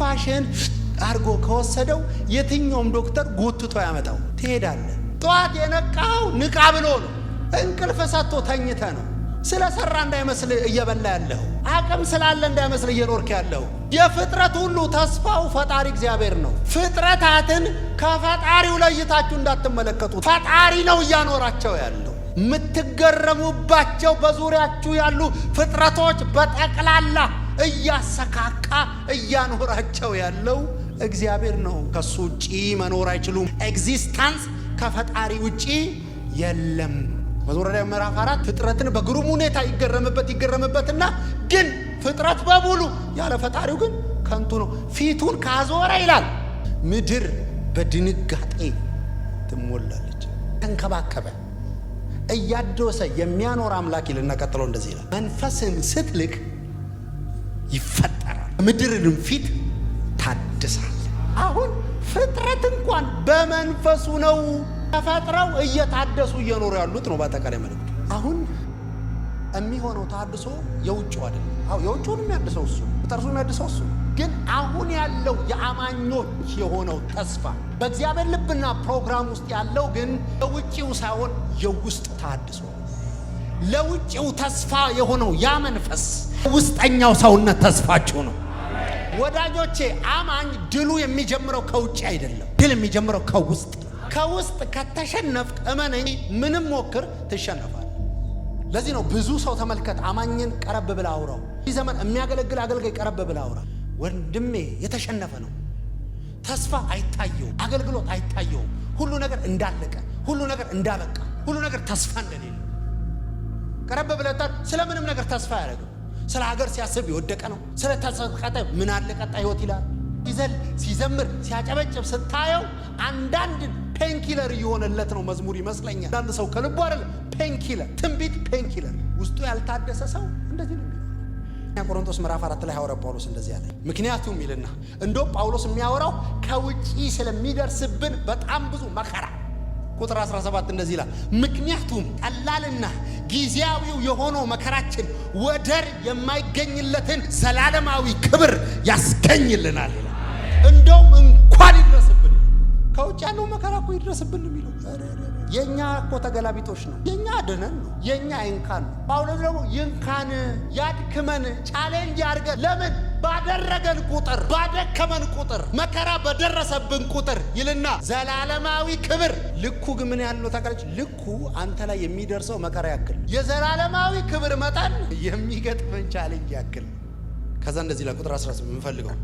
ፋሽን አድርጎ ከወሰደው የትኛውም ዶክተር ጎትቶ ያመጣው ትሄዳለ ጠዋት የነቃው ንቃ ብሎ ነው። እንቅልፍ ሰጥቶ ተኝተ ነው። ስለ እንዳይመስል እየበላ ያለሁ፣ አቅም ስላለ እንዳይመስል እየኖርክ ያለሁ። የፍጥረት ሁሉ ተስፋው ፈጣሪ እግዚአብሔር ነው። ፍጥረታትን ከፈጣሪው ለይታችሁ እንዳትመለከቱ ፈጣሪ ነው እያኖራቸው ያለው። የምትገረሙባቸው በዙሪያችሁ ያሉ ፍጥረቶች በጠቅላላ እያሰካካ እያኖራቸው ያለው እግዚአብሔር ነው። ከሱ ውጪ መኖር አይችሉም። ኤግዚስታንስ ከፈጣሪ ውጪ የለም። መዝሙረ ምዕራፍ አራት ፍጥረትን በግሩም ሁኔታ ይገረምበት ይገረምበትና ግን ፍጥረት በሙሉ ያለ ፈጣሪው ግን ከንቱ ነው። ፊቱን ካዞረ ይላል ምድር በድንጋጤ ትሞላለች። ተንከባከበ እያደወሰ የሚያኖር አምላክ ይልና ቀጥሎ እንደዚህ ይላል መንፈስን ስትልክ ይፈጠራል፣ ምድርንም ፊት ታድሳል። አሁን ፍጥረት እንኳን በመንፈሱ ነው ተፈጥረው እየታደሱ እየኖሩ ያሉት ነው። በአጠቃላይ መልእክቱ አሁን የሚሆነው ታድሶ የውጭው አይደለም። የውጭውን የሚያድሰው እሱ ጠርሱ የሚያድሰው እሱ ግን አሁን ያለው የአማኞች የሆነው ተስፋ በእግዚአብሔር ልብና ፕሮግራም ውስጥ ያለው ግን የውጭው ሳይሆን የውስጥ ታድሶ ለውጭው ተስፋ የሆነው ያ መንፈስ ውስጠኛው ሰውነት ተስፋችሁ ነው ወዳጆቼ። አማኝ ድሉ የሚጀምረው ከውጭ አይደለም። ድል የሚጀምረው ከውስጥ ከውስጥ ከተሸነፍ እመነኝ፣ ምንም ሞክር ትሸነፋል። ለዚህ ነው ብዙ ሰው ተመልከት፣ አማኝን ቀረብ ብለ አውራው። ይህ ዘመን የሚያገለግል አገልጋይ ቀረብ ብለ አውራ፣ ወንድሜ የተሸነፈ ነው። ተስፋ አይታየውም፣ አገልግሎት አይታየውም። ሁሉ ነገር እንዳለቀ፣ ሁሉ ነገር እንዳበቃ፣ ሁሉ ነገር ተስፋ እንደሌለ ቀረበ ብለታ ስለምንም ነገር ተስፋ ያደረገው ስለ ሀገር ሲያስብ የወደቀ ነው። ስለ ተሰቀጠ ምን አለ ቀጣይ ህይወት ይላል። ሲዘል ሲዘምር ሲያጨበጭብ ስታየው አንዳንድ ፔንኪለር እየሆነለት ነው መዝሙር ይመስለኛል። አንዳንድ ሰው ከልቡ አይደለ ፔንኪለር፣ ትንቢት ፔንኪለር ውስጡ ያልታደሰ ሰው እንደዚህ ነው። ቆሮንቶስ ምዕራፍ አራት ላይ ሐዋርያ ጳውሎስ እንደዚህ ያለ ምክንያቱም ይልና እንዶ ጳውሎስ የሚያወራው ከውጪ ስለሚደርስብን በጣም ብዙ መከራ ቁጥር 17 እንደዚህ ይላል፣ ምክንያቱም ቀላልና ጊዜያዊው የሆነው መከራችን ወደር የማይገኝለትን ዘላለማዊ ክብር ያስገኝልናል ይላል። እንደውም እንኳን ይድረስብን፣ ከውጭ ያለው መከራ እኮ ይድረስብን የሚለው የእኛ እኮ ተገላቢጦሽ ነው። የእኛ አድነን ነው። የእኛ ይንካን ነው። በአሁኑ ደግሞ ይንካን ያድክመን፣ ቻሌንጅ አድርገን ለምን ባደረገን ቁጥር ባደከመን ቁጥር መከራ በደረሰብን ቁጥር ይልና ዘላለማዊ ክብር ልኩ ግን ምን ያህል ነው ታውቃለች? ልኩ አንተ ላይ የሚደርሰው መከራ ያክል የዘላለማዊ ክብር መጠን የሚገጥመን ቻሌንጅ ያክል ከዛ እንደዚህ ላይ ቁጥር 18 የምንፈልገው